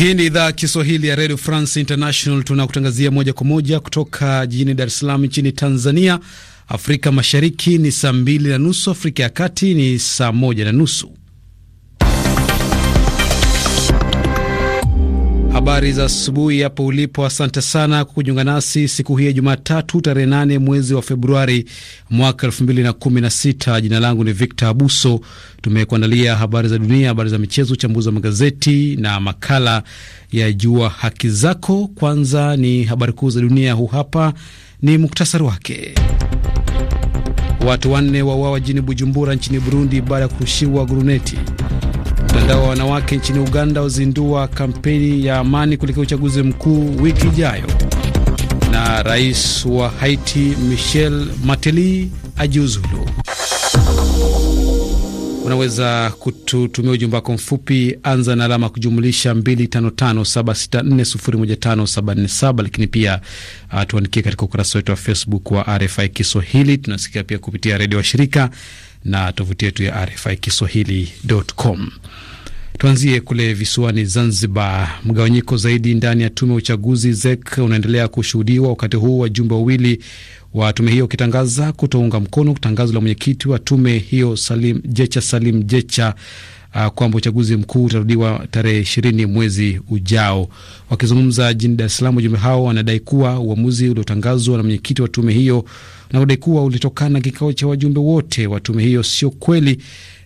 Hii ni idhaa Kiswahili ya Radio France International. Tunakutangazia moja kwa moja kutoka jijini Dar es Salaam nchini Tanzania. Afrika Mashariki ni saa mbili na nusu, Afrika ya Kati ni saa moja na nusu. Habari za asubuhi hapo ulipo. Asante sana kwa kujiunga nasi siku hii ya Jumatatu, tarehe 8 mwezi wa Februari mwaka sita. Jina langu ni Victor Abuso. Tumekuandalia habari za dunia, habari za michezo, uchambuzi wa magazeti na makala ya Jua Haki Zako. Kwanza ni habari kuu za dunia, huu hapa ni muktasari wake. Watu wanne wauawa jini Bujumbura nchini Burundi baada ya kurushiwa guruneti. Mtandao wa wanawake nchini Uganda uzindua kampeni ya amani kuelekea uchaguzi mkuu wiki ijayo, na rais wa Haiti Michel Mateli ajiuzulu. Unaweza kututumia ujumbe wako mfupi, anza na alama kujumlisha 255764015747 lakini pia uh, tuandikie katika ukurasa wetu wa Facebook wa RFI Kiswahili. Tunasikia pia kupitia redio washirika na tovuti yetu ya RFI Kiswahili.com. Tuanzie kule visiwani Zanzibar. Mgawanyiko zaidi ndani ya tume ya uchaguzi ZEK unaendelea kushuhudiwa, wakati huu wajumbe wawili wa tume hiyo ukitangaza kutounga mkono tangazo la mwenyekiti wa tume hiyo Salim Jecha Salim Jecha uh, kwamba uchaguzi mkuu utarudiwa tarehe ishirini mwezi ujao. Wakizungumza jijini Dar es Salaam, wajumbe hao wanadai kuwa uamuzi uliotangazwa na mwenyekiti wa tume hiyo na kudai kuwa ulitokana na kikao cha wajumbe wote wa tume hiyo sio kweli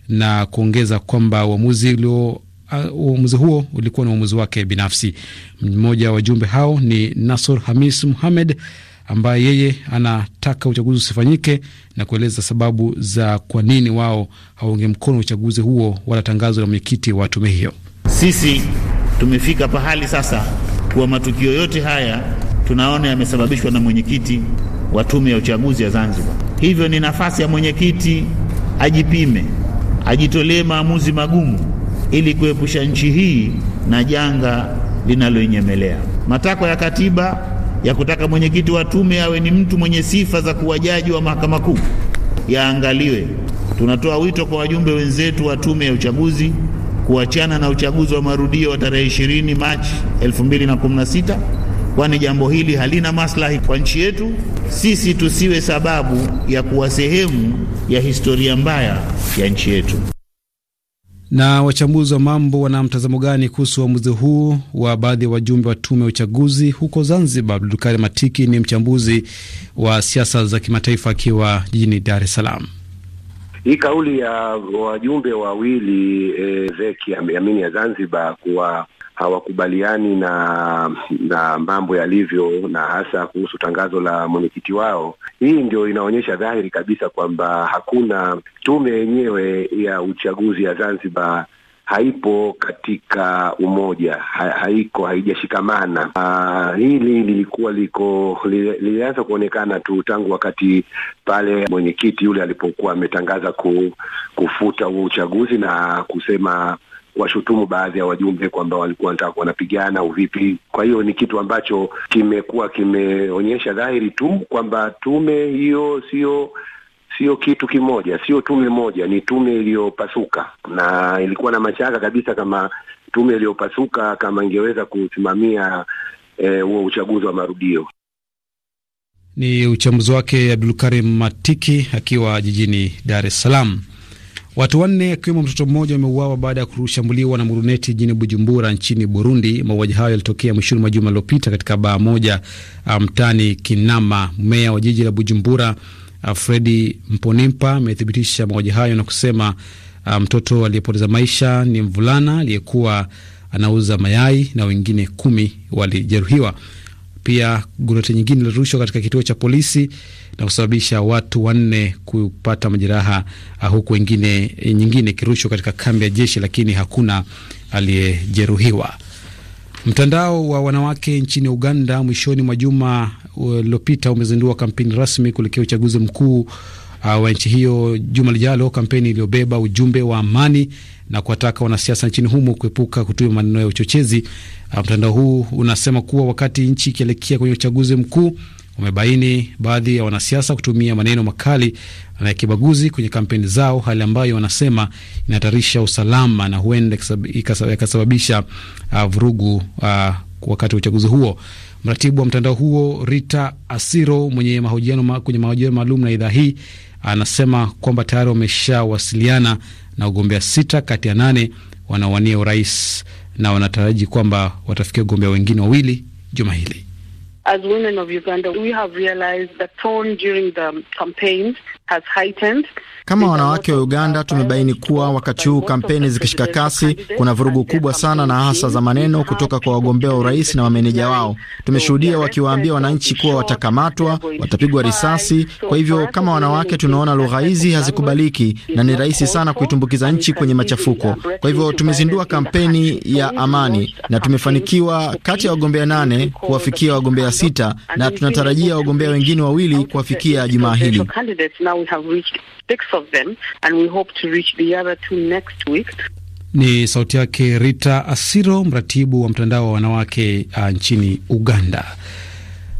na kuongeza kwamba uamuzi uh, uamuzi huo ulikuwa na uamuzi wake binafsi. Mmoja wa wajumbe hao ni Nasor Hamis Muhamed ambaye yeye anataka uchaguzi usifanyike na kueleza sababu za kwa nini wao hawaunge mkono uchaguzi huo wala tangazo la mwenyekiti wa tume hiyo. Sisi tumefika pahali sasa kuwa matukio yote haya tunaona yamesababishwa na mwenyekiti wa tume ya uchaguzi ya Zanzibar. Hivyo ni nafasi ya mwenyekiti ajipime ajitolee maamuzi magumu ili kuepusha nchi hii na janga linaloinyemelea. Matakwa ya katiba ya kutaka mwenyekiti wa tume awe ni mtu mwenye sifa za kuwa jaji wa mahakama kuu yaangaliwe. Tunatoa wito kwa wajumbe wenzetu wa tume ya uchaguzi kuachana na uchaguzi wa marudio wa tarehe 20 Machi 2016 kwani jambo hili halina maslahi kwa nchi yetu. Sisi tusiwe sababu ya kuwa sehemu ya historia mbaya ya nchi yetu. Na wachambuzi wa mambo wana mtazamo gani kuhusu uamuzi huu wa baadhi ya wajumbe wa tume ya uchaguzi huko Zanzibar? Abdulkari Matiki ni mchambuzi wa siasa za kimataifa akiwa jijini Dar es Salaam. Hii kauli ya wajumbe wawili e, Zeki ya Zanzibar kuwa hawakubaliani na na mambo yalivyo, na hasa kuhusu tangazo la mwenyekiti wao. Hii ndio inaonyesha dhahiri kabisa kwamba hakuna tume yenyewe ya uchaguzi ya Zanzibar haipo katika umoja ha, haiko haijashikamana. Uh, hili lilikuwa liko lilianza kuonekana tu tangu wakati pale mwenyekiti yule alipokuwa ametangaza ku, kufuta huo uchaguzi na kusema washutumu baadhi ya wajumbe kwamba walikuwa wanataka wanapigana uvipi Kwa hiyo ni kitu ambacho kimekuwa kimeonyesha dhahiri tu kwamba tume hiyo sio sio kitu kimoja, sio tume moja, ni tume iliyopasuka, na ilikuwa na mashaka kabisa kama tume iliyopasuka kama ingeweza kusimamia eh, huo e, uchaguzi wa marudio. Ni uchambuzi wake Abdulkarim Matiki akiwa jijini Dar es Salaam. Watu wanne akiwemo mtoto mmoja wameuawa baada ya kushambuliwa na muruneti jijini Bujumbura nchini Burundi. Mauaji hayo yalitokea mwishoni mwa juma lililopita katika baa moja uh, mtaani Kinama. Meya wa jiji la Bujumbura uh, Fredi Mponimpa amethibitisha mauaji hayo na kusema uh, mtoto aliyepoteza maisha ni mvulana aliyekuwa anauza mayai na wengine kumi walijeruhiwa. Pia guruneti nyingine ilirushwa katika kituo cha polisi na kusababisha watu wanne kupata majeraha, ah, huku wengine nyingine ikirushwa katika kambi ya jeshi, lakini hakuna aliyejeruhiwa. Mtandao wa wanawake nchini Uganda mwishoni mwa juma uh, uliopita umezindua kampeni rasmi kuelekea uchaguzi mkuu uh, wa nchi hiyo juma lijalo, kampeni iliyobeba ujumbe wa amani na kuwataka wanasiasa nchini humo kuepuka kutumia maneno ya uchochezi. Uh, mtandao huu unasema kuwa wakati nchi ikielekea kwenye uchaguzi mkuu wamebaini baadhi ya wanasiasa kutumia maneno makali na ya kibaguzi kwenye kampeni zao, hali ambayo wanasema inahatarisha usalama na huenda ikasababisha uh, vurugu uh, wakati wa uchaguzi huo. Mratibu wa mtandao huo Rita Asiro mwenye mahojiano ma, kwenye mahojiano maalum na idhaa hii anasema kwamba tayari wameshawasiliana na wagombea sita kati ya nane wanawania urais na wanataraji kwamba watafikia wagombea wengine wawili juma hili has heightened. Kama wanawake wa Uganda tumebaini kuwa wakati huu kampeni zikishika kasi, kuna vurugu kubwa sana na hasa za maneno kutoka kwa wagombea wa urais na wameneja wao. Tumeshuhudia wakiwaambia wananchi kuwa watakamatwa, watapigwa risasi. Kwa hivyo kama wanawake tunaona lugha hizi hazikubaliki na ni rahisi sana kuitumbukiza nchi kwenye machafuko. Kwa hivyo tumezindua kampeni ya amani na tumefanikiwa kati ya wagombea nane kuwafikia wagombea sita na tunatarajia wagombea wengine wawili kuwafikia jumaa hili we have reached six of them and we hope to reach the other two next week. Ni sauti yake Rita Asiro, mratibu wa mtandao wa wanawake uh, nchini Uganda.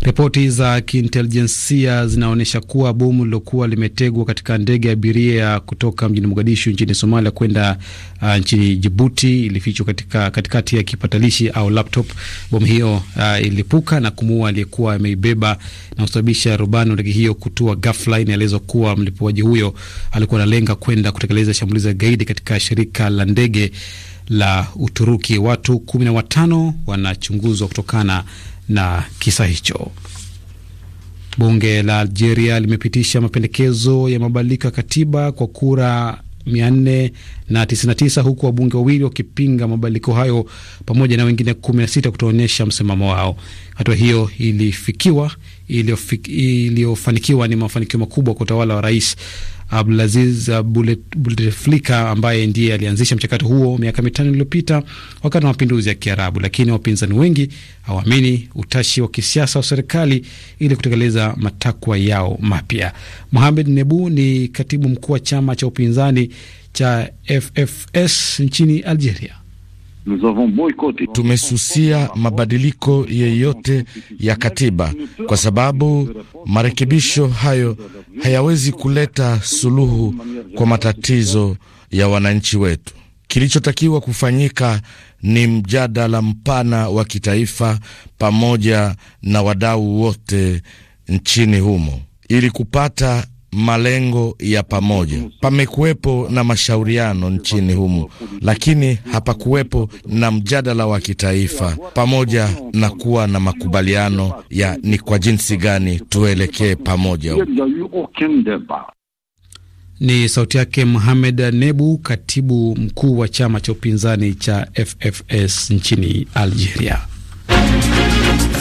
Ripoti za kiintelijensia zinaonyesha kuwa bomu lilokuwa limetegwa katika ndege ya abiria kutoka mjini Mogadishu nchini Somalia kwenda uh, nchini Jibuti ilifichwa katika katikati ya kipatalishi au laptop. Bomu hiyo uh, ilipuka na kumuua aliyekuwa ameibeba na kusababisha rubani wa ndege hiyo kutua ghafla. Inaelezwa kuwa mlipuaji huyo alikuwa analenga kwenda kutekeleza shambulizi ya gaidi katika shirika la ndege la Uturuki. Watu 15 wanachunguzwa kutokana na kisa hicho. Bunge la Algeria limepitisha mapendekezo ya mabadiliko ya katiba kwa kura 499 huku wabunge wawili wakipinga mabadiliko hayo pamoja na wengine 16 kutoonyesha msimamo wao. Hatua hiyo ilifikiwa iliyofanikiwa ni mafanikio makubwa kwa utawala wa rais Abdulaziz Bouteflika ambaye ndiye alianzisha mchakato huo miaka mitano iliyopita wakati wa mapinduzi ya Kiarabu, lakini wapinzani wengi hawaamini utashi wa kisiasa wa serikali ili kutekeleza matakwa yao mapya. Mohamed Nebu ni katibu mkuu wa chama cha upinzani cha FFS nchini Algeria. Tumesusia mabadiliko yeyote ya katiba kwa sababu marekebisho hayo hayawezi kuleta suluhu kwa matatizo ya wananchi wetu. Kilichotakiwa kufanyika ni mjadala mpana wa kitaifa pamoja na wadau wote nchini humo ili kupata malengo ya pamoja. Pamekuwepo na mashauriano nchini humo, lakini hapakuwepo na mjadala wa kitaifa, pamoja na kuwa na makubaliano ya ni kwa jinsi gani tuelekee pamoja. Ni sauti yake Mohamed Nebu, katibu mkuu wa chama cha upinzani cha FFS nchini Algeria.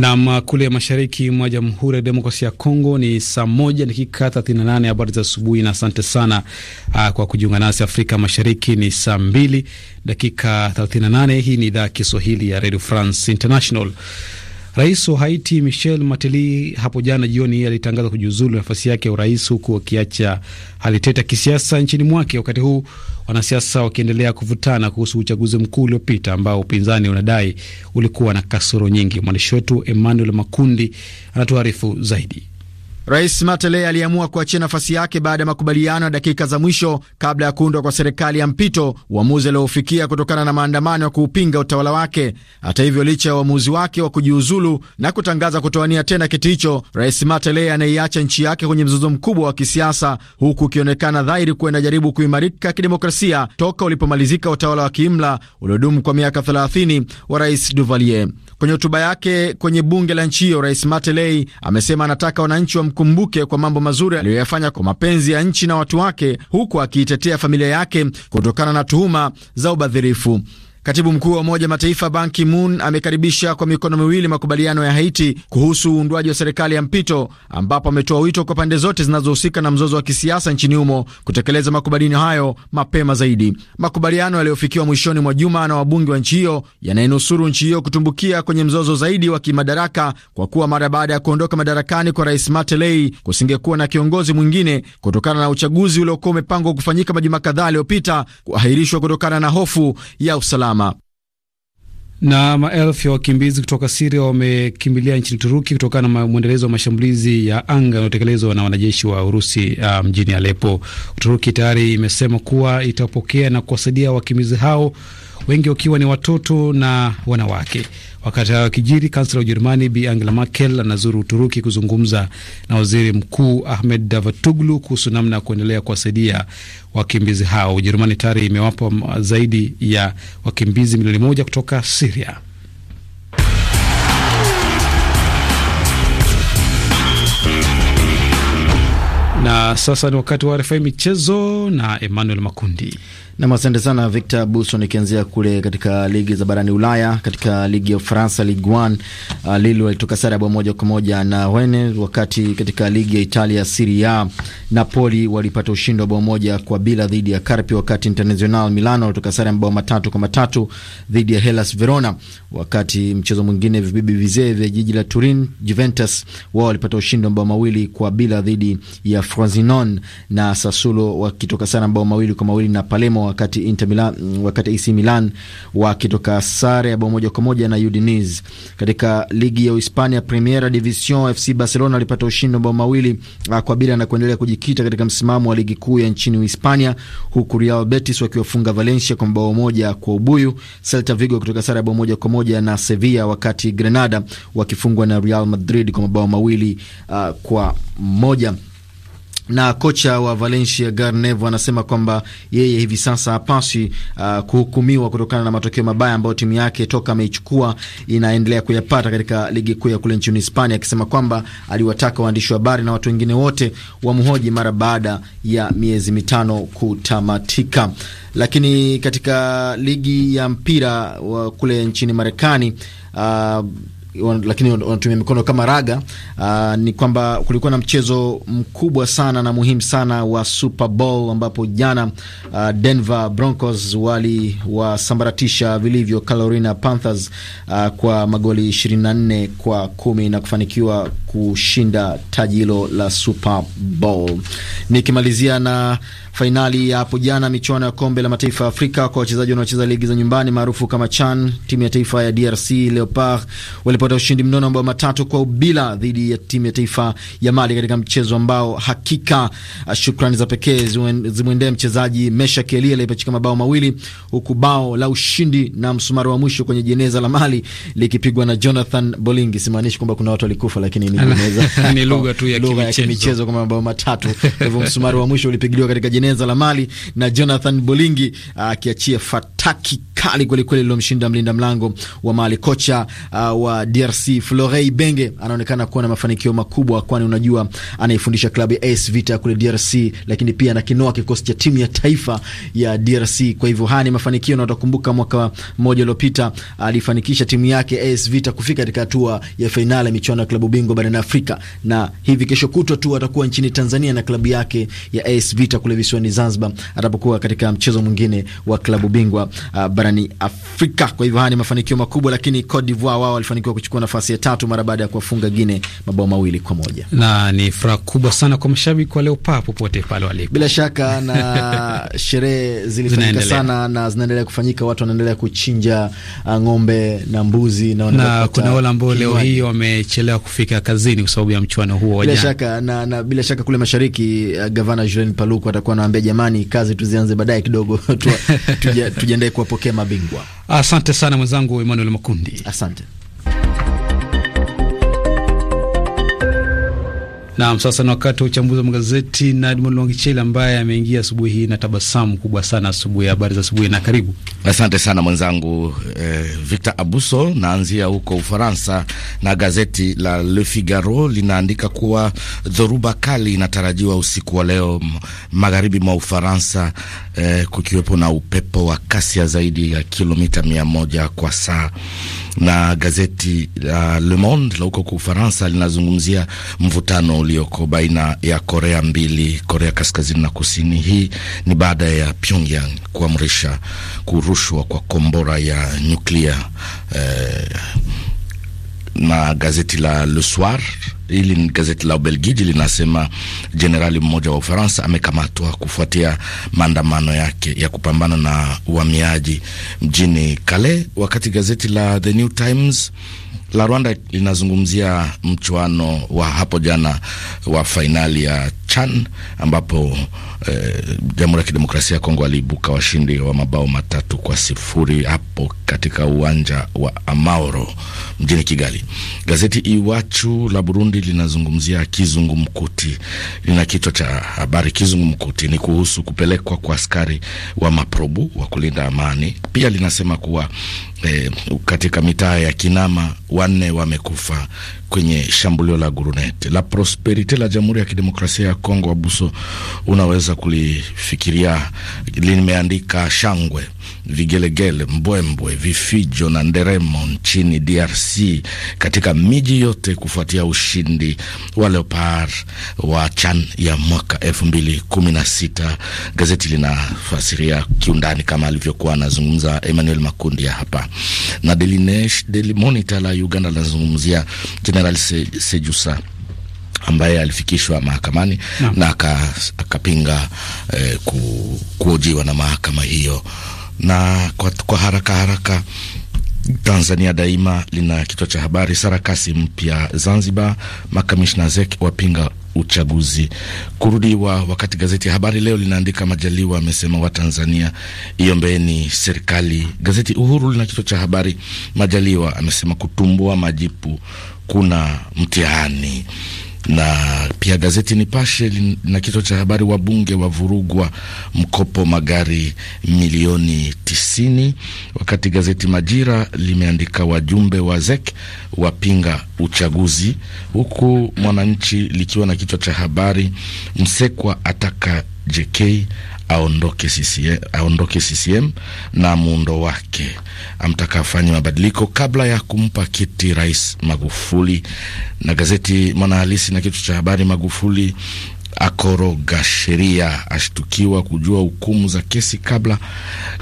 Nam kule mashariki mwa Jamhuri ya Demokrasia ya Kongo ni saa moja dakika 38. Habari za asubuhi na asante sana uh, kwa kujiunga nasi. Afrika Mashariki ni saa mbili dakika 38. Hii ni idhaa ya Kiswahili ya Radio France International. Rais wa Haiti Michel Mateli hapo jana jioni alitangaza kujiuzulu nafasi yake ya urais huku akiacha hali tete kisiasa nchini mwake, wakati huu wanasiasa wakiendelea kuvutana kuhusu uchaguzi mkuu uliopita ambao upinzani unadai ulikuwa na kasoro nyingi. Mwandishi wetu Emmanuel Makundi anatuarifu zaidi. Rais Matele aliamua kuachia nafasi yake baada ya makubaliano ya dakika za mwisho kabla ya kuundwa kwa serikali ya mpito, uamuzi aliofikia kutokana na maandamano ya kuupinga utawala wake. Hata hivyo, licha ya uamuzi wake wa kujiuzulu na kutangaza kutoania tena kiti hicho, Rais Matele anaiacha nchi yake kwenye mzozo mkubwa wa kisiasa, huku ikionekana dhahiri kuwa inajaribu kuimarika kidemokrasia toka ulipomalizika utawala wa kiimla uliodumu kwa miaka 30 wa Rais Duvalier. Kwenye hotuba yake kwenye bunge la nchi hiyo, Rais Matelei amesema anataka wananchi wamkumbuke kwa mambo mazuri aliyoyafanya kwa mapenzi ya nchi na watu wake, huku akiitetea familia yake kutokana na tuhuma za ubadhirifu. Katibu mkuu wa Umoja Mataifa Ban Ki-moon amekaribisha kwa mikono miwili makubaliano ya Haiti kuhusu uundwaji wa serikali ya mpito, ambapo ametoa wito kwa pande zote zinazohusika na mzozo wa kisiasa nchini humo kutekeleza makubaliano hayo mapema zaidi. Makubaliano yaliyofikiwa mwishoni mwa juma na wabunge wa nchi hiyo yanayenusuru nchi hiyo kutumbukia kwenye mzozo zaidi wa kimadaraka, kwa kuwa mara baada ya kuondoka madarakani kwa Rais matelei kusingekuwa na kiongozi mwingine kutokana na uchaguzi uliokuwa umepangwa kufanyika majuma kadhaa aliyopita kuahirishwa kutokana na hofu ya usalama usalama. Na maelfu ya wakimbizi kutoka Siria wamekimbilia nchini Turuki kutokana na mwendelezo wa mashambulizi ya anga yanayotekelezwa na wanajeshi wa Urusi uh, mjini Alepo. Uturuki tayari imesema kuwa itapokea na kuwasaidia wakimbizi hao wengi wakiwa ni watoto na wanawake. Wakati hayo wakijiri, kansela wa Ujerumani Bi Angela Merkel anazuru Uturuki kuzungumza na waziri mkuu Ahmed davatuglu kuhusu namna ya kuendelea kuwasaidia wakimbizi hao. Ujerumani tayari imewapa zaidi ya wakimbizi milioni moja kutoka Siria. Na sasa ni wakati wa RFI michezo na Emmanuel Makundi. Nam, asante sana Victor Buso. Nikianzia kule katika ligi za barani Ulaya, katika ligi ya Ufaransa Ligue 1 uh, Lille walitoka sare bao moja kwa moja na Wene, wakati katika ligi ya Italia Serie A Napoli walipata ushindi wa bao moja kwa bila dhidi ya Carpi, wakati Internazionale Milano walitoka sare mabao matatu kwa matatu dhidi ya Hellas Verona, wakati mchezo mwingine vibibi vizee vya jiji la Turin Juventus wao walipata ushindi wa mabao mawili kwa bila dhidi ya Frosinone, na Sassuolo wakitoka sare mabao mawili kwa mawili na Palermo wakati Inter Milan, wakati AC Milan wakitoka sare ya bao moja kwa moja na Udinese. Katika ligi ya Uhispania Primera Division, FC Barcelona alipata ushindi wa bao mawili ah, kwa bila na kuendelea kujikita katika msimamo wa ligi kuu ya nchini Uhispania, huku Real Betis wakiwafunga Valencia kwa bao moja kwa ubuyu, Celta Vigo kutoka sare ya bao moja kwa moja na Sevilla, wakati Granada wakifungwa na Real Madrid kwa mabao mawili uh, kwa moja na kocha wa Valencia Garnevo anasema kwamba yeye hivi sasa hapaswi uh, kuhukumiwa kutokana na matokeo mabaya ambayo timu yake toka ameichukua inaendelea kuyapata katika ligi kuu ya kule nchini Hispania, akisema kwamba aliwataka waandishi wa habari na watu wengine wote wamhoji mara baada ya miezi mitano kutamatika. Lakini katika ligi ya mpira wa kule nchini Marekani uh, wan, lakini wanatumia mikono kama raga. Uh, ni kwamba kulikuwa na mchezo mkubwa sana na muhimu sana wa Super Bowl ambapo jana uh, Denver Broncos waliwasambaratisha vilivyo Carolina Panthers uh, kwa magoli 24 kwa kumi na kufanikiwa kushinda taji hilo la Super Bowl. Nikimalizia na fainali ya hapo jana michuano ya kombe la mataifa ya Afrika kwa wachezaji wanaocheza ligi za nyumbani maarufu kama CHAN, timu ya taifa ya DRC Leopard walipata ushindi mnono mabao matatu kwa ubila dhidi ya timu ya taifa ya Mali katika mchezo ambao hakika ah, shukrani za pekee zimwendee mchezaji Mesha Kelia aliyepachika mabao mawili, huku bao la ushindi na msumari wa mwisho kwenye jeneza la Mali likipigwa na Jonathan Bolingi. Simaanishi kwamba kuna watu walikufa, lakini ni lugha tu ya kimichezo kwa mabao matatu. Kwa hivyo msumari wa mwisho ulipigiliwa katika jeneza Uingereza la Mali na Jonathan Bolingi ah, akiachia Fat taki kali kwelikweli lilomshinda mlinda mlango wa Mali. Kocha uh, wa DRC Florey Benge anaonekana kuwa na mafanikio makubwa, kwani unajua anaifundisha klabu ya AS Vita kule DRC, lakini pia anakinoa kikosi cha timu ya taifa ya DRC. Kwa hivyo haya ni mafanikio, na utakumbuka mwaka mmoja uliopita alifanikisha timu yake AS Vita kufika katika hatua ya fainali ya michuano ya klabu bingwa barani Afrika, na hivi kesho kutwa tu atakuwa nchini Tanzania na klabu yake ya AS Vita kule visiwani Zanzibar, atapokuwa katika mchezo mwingine wa klabu bingwa uh, barani Afrika. Kwa hivyo haya ni mafanikio makubwa, lakini Cote d'Ivoire wao walifanikiwa kuchukua nafasi ya tatu mara baada ya kuwafunga Gine mabao mawili kwa moja, na ni furaha kubwa sana kwa mashabiki wa Leopards popote pale walipo, bila shaka na sherehe zilifanyika sana na zinaendelea kufanyika, watu wanaendelea kuchinja uh, ng'ombe na mbuzi na, na kuna wale ambao leo hii wamechelewa kufika kazini kwa sababu ya mchuano huo wa shaka, na, na bila shaka kule mashariki uh, gavana Julien Paluku atakuwa anawaambia jamani, kazi tuzianze baadaye kidogo tuja, tuja uende kuwapokea mabingwa. Asante sana mwenzangu Emmanuel Makundi, asante. Naam, sasa ni wakati wa uchambuzi wa magazeti na Edmond Longichel ambaye ameingia asubuhi hii na tabasamu kubwa sana asubuhi. Habari za asubuhi na karibu. Asante sana mwenzangu eh, Victor Abuso. Naanzia huko Ufaransa na gazeti la Le Figaro linaandika kuwa dhoruba kali inatarajiwa usiku wa leo magharibi mwa Ufaransa, eh, kukiwepo na upepo wa kasi ya zaidi ya kilomita mia moja kwa saa na gazeti la Le Monde la huko kwa Ufaransa linazungumzia mvutano ulioko baina ya Korea mbili, Korea kaskazini na kusini. Hii ni baada ya Pyongyang kuamrisha kurushwa kwa kombora ya nyuklia eh, na gazeti la Le Soir hili ni gazeti la Ubelgiji linasema jenerali mmoja wa Ufaransa amekamatwa kufuatia maandamano yake ya kupambana na uhamiaji mjini Calais, wakati gazeti la The New Times la Rwanda linazungumzia mchuano wa hapo jana wa fainali ya CHAN ambapo eh, Jamhuri ya Kidemokrasia ya Kongo aliibuka washindi wa mabao matatu kwa sifuri hapo katika uwanja wa Amaoro mjini Kigali. Gazeti Iwachu la Burundi linazungumzia kizungumkuti, lina kichwa cha habari kizungumkuti ni kuhusu kupelekwa kwa askari wa maprobu wa kulinda amani. Pia linasema kuwa eh, katika mitaa ya Kinama, wanne wamekufa kwenye shambulio la gurunete. la Prosperite la Jamhuri ya Kidemokrasia ya Kongo. Abuso, unaweza kulifikiria, limeandika shangwe vigelegele, mbwembwe, vifijo na nderemo nchini DRC katika miji yote kufuatia ushindi wa Leopard wa CHAN ya mwaka elfu mbili kumi na sita. Gazeti linafasiria kiundani kama alivyokuwa anazungumza Emmanuel Makundi ya hapa, na Daily Monitor la Uganda linazungumzia General Se, Sejusa ambaye alifikishwa mahakamani na, na akapinga eh, ku, kuojiwa na mahakama hiyo na kwa, kwa haraka haraka Tanzania Daima lina kichwa cha habari sarakasi mpya Zanzibar, makamishna zek wapinga uchaguzi kurudiwa. Wakati gazeti ya Habari Leo linaandika Majaliwa amesema Watanzania iombeni serikali. Gazeti Uhuru lina kichwa cha habari Majaliwa amesema kutumbua majipu kuna mtihani na pia gazeti Nipashe na kichwa cha habari wabunge wavurugwa mkopo magari milioni tisini, wakati gazeti Majira limeandika wajumbe wa ZEC wapinga uchaguzi, huku Mwananchi likiwa na kichwa cha habari Msekwa ataka JK aondoke CCM, aondoke CCM na muundo wake. Amtaka afanye mabadiliko kabla ya kumpa kiti Rais Magufuli. Na gazeti Mwanahalisi na kitu cha habari, Magufuli akoroga sheria, ashtukiwa kujua hukumu za kesi kabla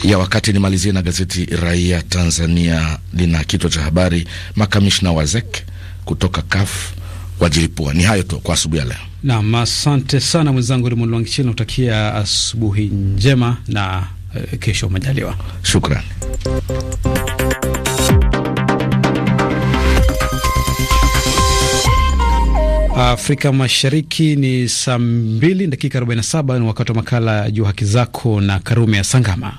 ya wakati. Nimalizie na gazeti Raia Tanzania, lina kichwa cha habari makamishna wa ZEC kutoka CAF wajilipua. Ni hayo tu kwa asubuhi ya leo nam asante sana mwenzangu Limoni Lwangichili, nakutakia asubuhi njema na uh, kesho majaliwa. Shukran. Afrika Mashariki ni saa 2 dakika 47, ni wakati wa makala ya jua haki zako na Karume ya Sangama.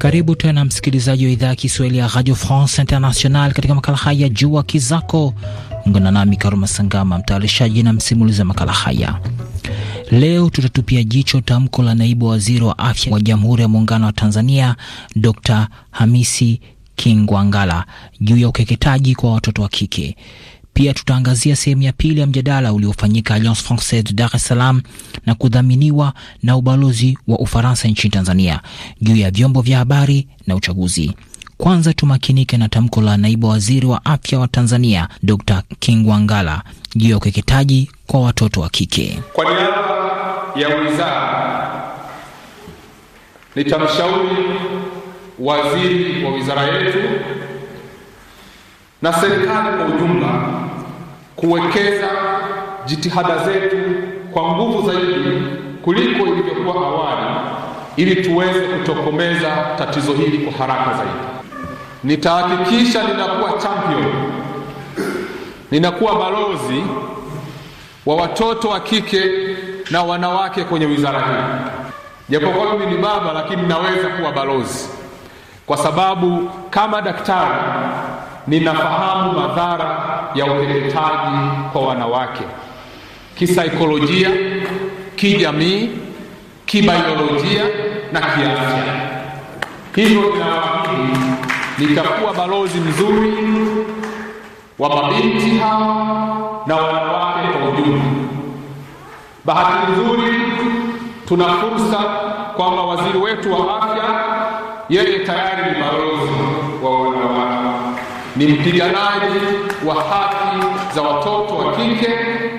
Karibu tena msikilizaji wa idhaa ya Kiswahili ya Radio France International katika makala haya Jua Kizako. Ungana nami Karuma Sangama, mtayarishaji na msimulizi wa makala haya. Leo tutatupia jicho tamko la naibu waziri wa afya wa Jamhuri ya Muungano wa Tanzania, Dr Hamisi Kingwangala juu ya ukeketaji kwa watoto wa kike. Pia tutaangazia sehemu ya pili ya mjadala uliofanyika Alliance Francaise Dar es Salaam na kudhaminiwa na ubalozi wa Ufaransa nchini Tanzania juu ya vyombo vya habari na uchaguzi. Kwanza tumakinike na tamko la naibu waziri wa afya wa Tanzania Dr. Kingwangala juu ya ukeketaji kwa watoto wa kike. Kwa niaba ya wizara, nitamshauri waziri wa wizara yetu na serikali kwa ujumla kuwekeza jitihada zetu kwa nguvu zaidi kuliko ilivyokuwa awali ili tuweze kutokomeza tatizo hili kwa haraka zaidi. Nitahakikisha ninakuwa champion, ninakuwa balozi wa watoto wa kike na wanawake kwenye wizara hii. Japokuwa mimi ni baba, lakini naweza kuwa balozi kwa sababu kama daktari ninafahamu madhara ya ukeketaji kwa wanawake kisaikolojia, kijamii, kibaiolojia na kiafya. Hivyo ninawaahidi nitakuwa balozi mzuri wa mabinti hawa na wanawake kwa ujumla. Bahati nzuri, tuna fursa kwamba waziri wetu wa afya yeye tayari ni balozi ni mpiganaji wa haki za watoto wa kike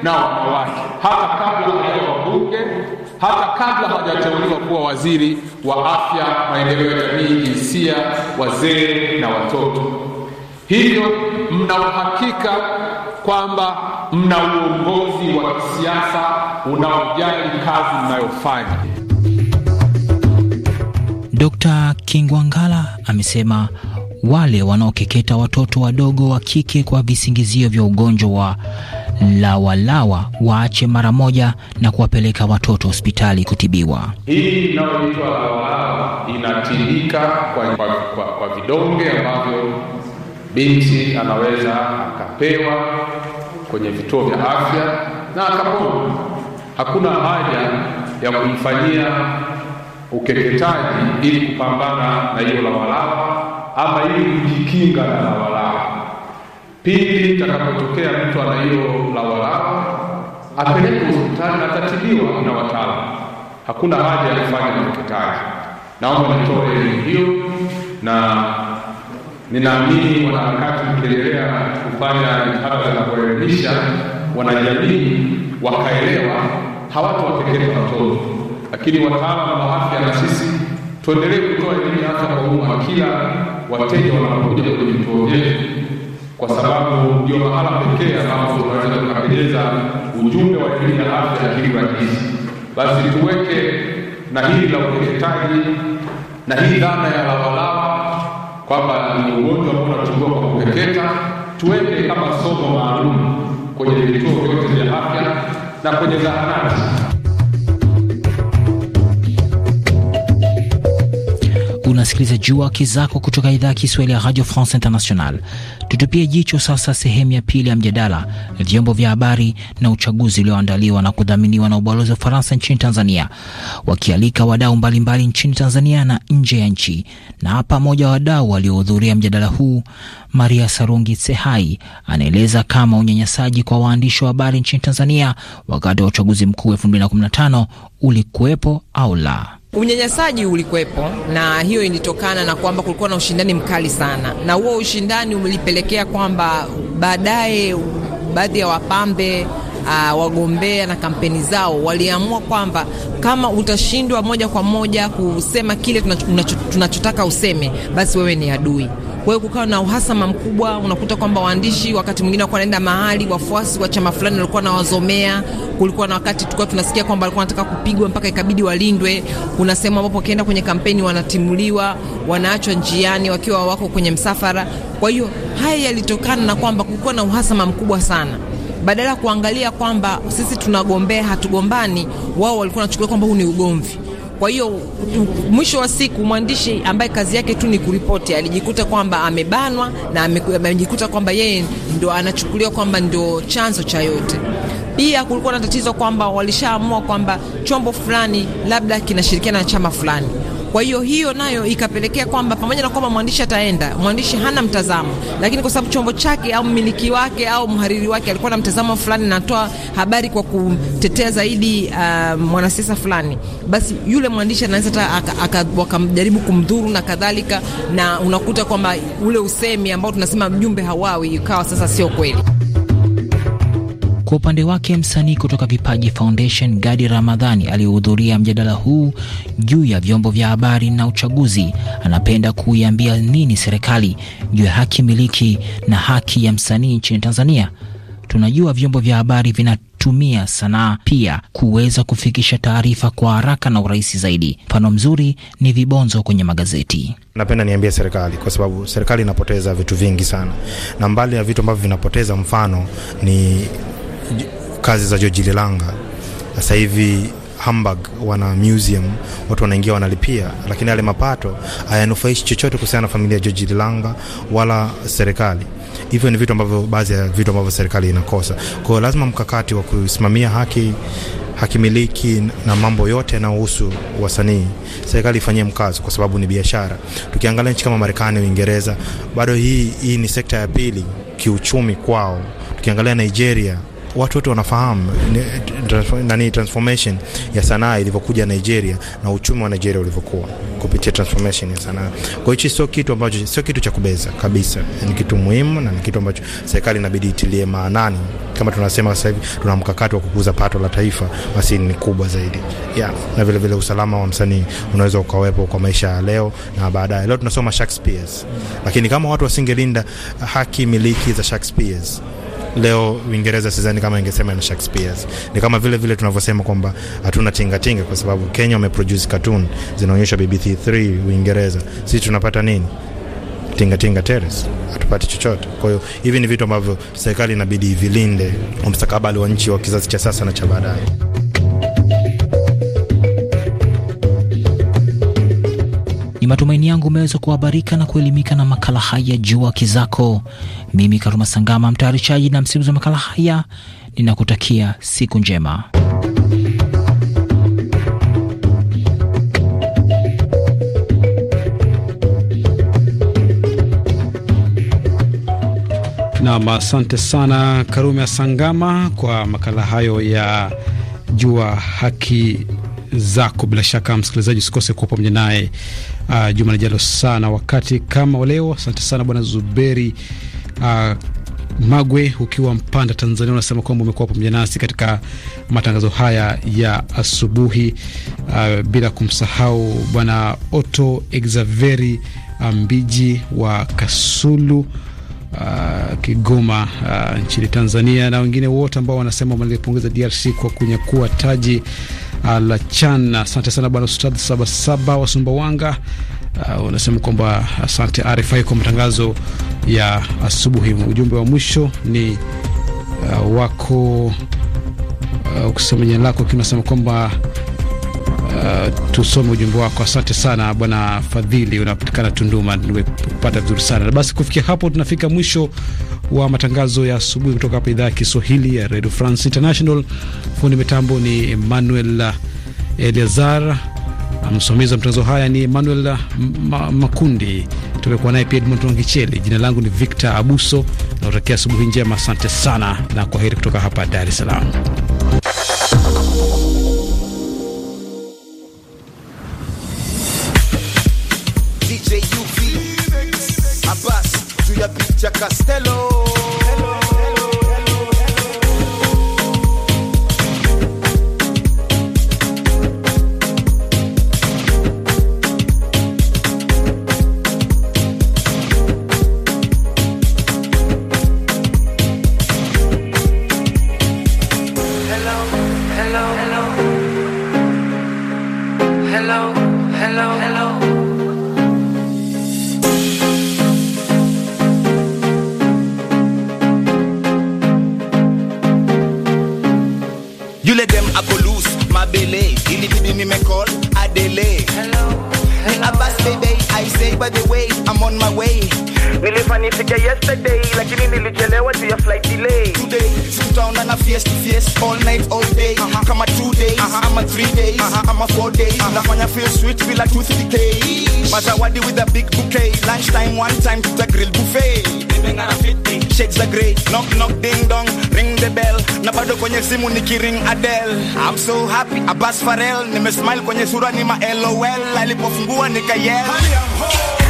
na wanawake, hata kabla hajawa wabunge, hata kabla hajateuliwa kuwa waziri wa afya, maendeleo ya jamii, jinsia, wazee na watoto. Hivyo mna uhakika kwamba mna uongozi wa kisiasa unaojali kazi mnayofanya. Dkt. Kingwangala amesema wale wanaokeketa watoto wadogo wa kike kwa visingizio vya ugonjwa wa lawalawa waache mara moja na kuwapeleka watoto hospitali kutibiwa. Hii inayoitwa lawalawa inatibika kwa, kwa, kwa, kwa vidonge ambavyo binti anaweza akapewa kwenye vituo vya afya na akapona. Hakuna haja ya kumfanyia ukeketaji ili kupambana na hiyo lawalawa ama ili kujikinga na lawalawa. pili takapotokea mtu ana hiyo lawalawa, apeleke hospitali, atatibiwa na wataalamu. Hakuna haja ya kufanya maketaji. Naomba nitoe elimu hiyo, na ninaamini wanaharakati mkiendelea kufanya jitihada za kuelimisha wanajamii wakaelewa, hawatawatekeleza watoto, lakini wataalamu wa afya na sisi tuendelee kutoa elimu hata kwa umma kila wateja wanapokuja kwenye vituo vyetu, kwa sababu ndio mahala pekee ambapo tunaweza tukapeleza ujumbe wa elimu ya afya ya akili Basi tuweke na hili la ukeketaji na hii dhana ya lawalawa kwamba ni ugonjwa ambao unachugua kwa kukeketa, tuweke kama somo maalum kwenye vituo vyote vya afya na kwenye zahanati Unasikiliza Jua Haki Zako kutoka idhaa ya Kiswahili ya Radio France International. Tutupie jicho sasa sehemu ya pili ya mjadala, vyombo vya habari na uchaguzi ulioandaliwa na kudhaminiwa na ubalozi wa Ufaransa nchini Tanzania, wakialika wadau mbalimbali nchini Tanzania na nje ya nchi. Na hapa moja wa wadau waliohudhuria mjadala huu, Maria Sarungi Sehai, anaeleza kama unyanyasaji kwa waandishi wa habari nchini Tanzania wakati wa uchaguzi mkuu 2015 ulikuwepo au la. Unyanyasaji ulikuwepo na hiyo ilitokana na kwamba kulikuwa na ushindani mkali sana, na huo ushindani ulipelekea kwamba baadaye baadhi ya wapambe uh, wagombea na kampeni zao waliamua kwamba kama utashindwa moja kwa moja kusema kile tunachotaka useme, basi wewe ni adui. Kwa hiyo kukawa na uhasama mkubwa. Unakuta kwamba waandishi wakati mwingine walikuwa wanaenda mahali, wafuasi wa chama fulani walikuwa nawazomea. Kulikuwa na wakati tulikuwa tunasikia kwamba walikuwa wanataka kupigwa mpaka ikabidi walindwe. Kuna sehemu ambapo wakienda kwenye kampeni wanatimuliwa, wanaachwa njiani wakiwa wako kwenye msafara. Kwa hiyo haya yalitokana na kwamba kulikuwa na uhasama mkubwa sana badala ya kuangalia kwamba sisi tunagombea hatugombani, wao walikuwa wanachukulia kwamba huu ni ugomvi. Kwa hiyo mwisho wa siku mwandishi ambaye kazi yake tu ni kuripoti alijikuta kwamba amebanwa na amejikuta kwamba yeye ndo anachukuliwa kwamba ndio chanzo cha yote. Pia kulikuwa na tatizo kwamba walishaamua kwamba chombo fulani labda kinashirikiana na chama fulani kwa hiyo hiyo nayo ikapelekea kwamba pamoja na kwamba mwandishi ataenda, mwandishi hana mtazamo, lakini kwa sababu chombo chake au mmiliki wake au mhariri wake alikuwa na mtazamo fulani, natoa habari kwa kutetea zaidi uh, mwanasiasa fulani, basi yule mwandishi anaweza hata wakamjaribu kumdhuru na kadhalika, na unakuta kwamba ule usemi ambao tunasema mjumbe hawawi, ikawa sasa sio kweli. Kwa upande wake msanii kutoka Vipaji Foundation Gadi Ramadhani aliyehudhuria mjadala huu juu ya vyombo vya habari na uchaguzi, anapenda kuiambia nini serikali juu ya haki miliki na haki ya msanii nchini Tanzania. Tunajua vyombo vya habari vinatumia sanaa pia kuweza kufikisha taarifa kwa haraka na urahisi zaidi. Mfano mzuri ni vibonzo kwenye magazeti. Napenda niambie serikali, kwa sababu serikali inapoteza vitu vingi sana, na mbali ya vitu ambavyo vinapoteza, mfano ni kazi za George Lilanga. Sasa hivi Hamburg wana museum, watu wanaingia wanalipia, lakini yale mapato hayanufaishi chochote kuhusiana na familia ya George Lilanga wala serikali. Hivyo ni vitu ambavyo, baadhi ya vitu ambavyo serikali inakosa. Kwa hiyo lazima mkakati wa kusimamia haki hakimiliki na mambo yote yanayohusu wasanii serikali ifanyie mkazo, kwa sababu ni biashara. Tukiangalia nchi kama Marekani, Uingereza, bado hii, hii ni sekta ya pili kiuchumi kwao. Tukiangalia Nigeria watu wote wanafahamu nani transformation ya sanaa ilivyokuja Nigeria na uchumi wa Nigeria ulivyokuwa kupitia transformation ya sanaa. Kwa hiyo hichi sio kitu ambacho sio kitu cha kubeza kabisa, ni kitu muhimu na ni kitu ambacho serikali inabidi itilie maanani. Kama tunasema sasa hivi tuna mkakati wa kukuza pato la taifa, basi ni kubwa zaidi yeah. Na vile vile usalama wa msanii unaweza ukawepo kwa maisha ya leo na baadaye. Leo tunasoma Shakespeare, lakini kama watu wasingelinda haki miliki za Shakespeare leo Uingereza sidhani kama ingesema na shakespeare Ni kama vile vile tunavyosema kwamba hatuna tinga tinga, kwa sababu Kenya wameproduce cartoon zinaonyeshwa BBC3 Uingereza, sisi tunapata nini? Tinga tinga terrace, hatupati chochote. Kwa hiyo hivi ni vitu ambavyo serikali inabidi ivilinde kwa mstakabali wa nchi wa kizazi cha sasa na cha baadaye. Ni matumaini yangu umeweza kuhabarika na kuelimika na makala haya Jua Haki kizako mimi Karuma Sangama, mtayarishaji na msimuzi wa makala haya, ninakutakia siku njema. Nam, asante sana Karume Sangama kwa makala hayo ya Jua Haki Zako. Bila shaka, msikilizaji, usikose kuwa pamoja naye uh, juma lijalo sana wakati kama waleo Asante sana Bwana Zuberi uh, Magwe ukiwa Mpanda, Tanzania, unasema kwamba umekuwa pamoja nasi katika matangazo haya ya asubuhi, uh, bila kumsahau bwana Otto Exaveri ah, Mbiji wa Kasulu, uh, Kigoma, uh, nchini Tanzania, na wengine wote ambao wanasema wanalipongeza DRC kwa kunyakua taji uh, la CHAN. Asante sana bwana Ustadh Sabasaba wa Sumbawanga uh, unasema kwamba asante RFI kwa matangazo ya asubuhi. Ujumbe wa mwisho ni uh, wako uh, ukisema jina lako kinasema kwamba uh, tusome ujumbe wako. Asante sana bwana Fadhili, unapatikana Tunduma, nimepata vizuri sana na basi, kufikia hapo tunafika mwisho wa matangazo ya asubuhi kutoka hapa idhaa ya Kiswahili ya Radio France International. Fundi mitambo ni Emmanuel uh, Eliazar. Msimamizi wa matangazo haya ni Emmanuel Makundi, tumekuwa naye pia Edmond Wangicheli. Jina langu ni Victor Abuso, nautakia asubuhi njema. Asante sana na kwaheri kutoka hapa Dar es Salaam. DJ Abbas picha Castello rich feel like juicy decay. Mazawadi with a big bouquet. Lunchtime, one time to the grill buffet. Shades the grey, knock knock ding dong, ring the bell. Napado kwenye simu ring Adele. I'm so happy, Abbas Farel. Nimesmile kwenye sura ni ma LOL. Alipofungua nikayel. Honey, I'm home.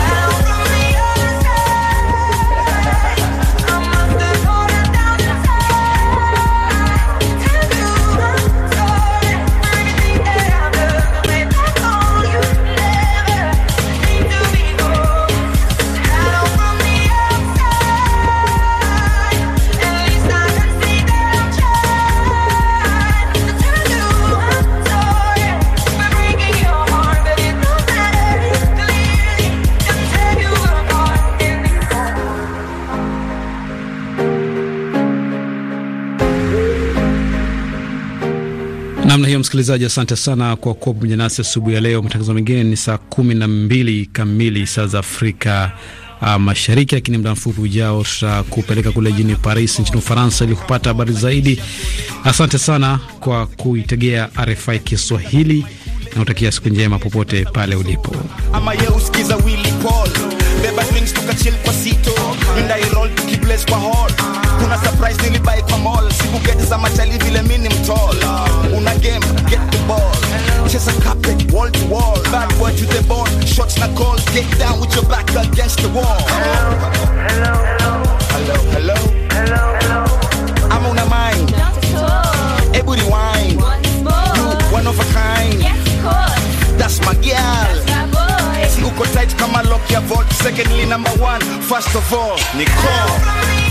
namna hiyo. Msikilizaji, asante sana kwa kuwa pamoja nasi asubuhi ya leo. Matangazo mengine ni saa kumi na mbili kamili saa za Afrika uh, Mashariki, lakini muda mfupi ujao tutakupeleka kule jijini Paris nchini Ufaransa ili kupata habari zaidi. Asante sana kwa kuitegea RFI Kiswahili na utakia siku njema popote pale ulipo. kuna surprise nilibai kwa mall sikugeti machali vile mini mtola ah, una game get the ball cheza carpet wall to wall bad boy to the bone shots na call get down with your back against the wall hello hello hello hello hello i'm on a mind not at all ebu rewind once more you one of a kind yes of that's my girl that's my boy si uko tight kama lock your vault secondly number one first of all nicole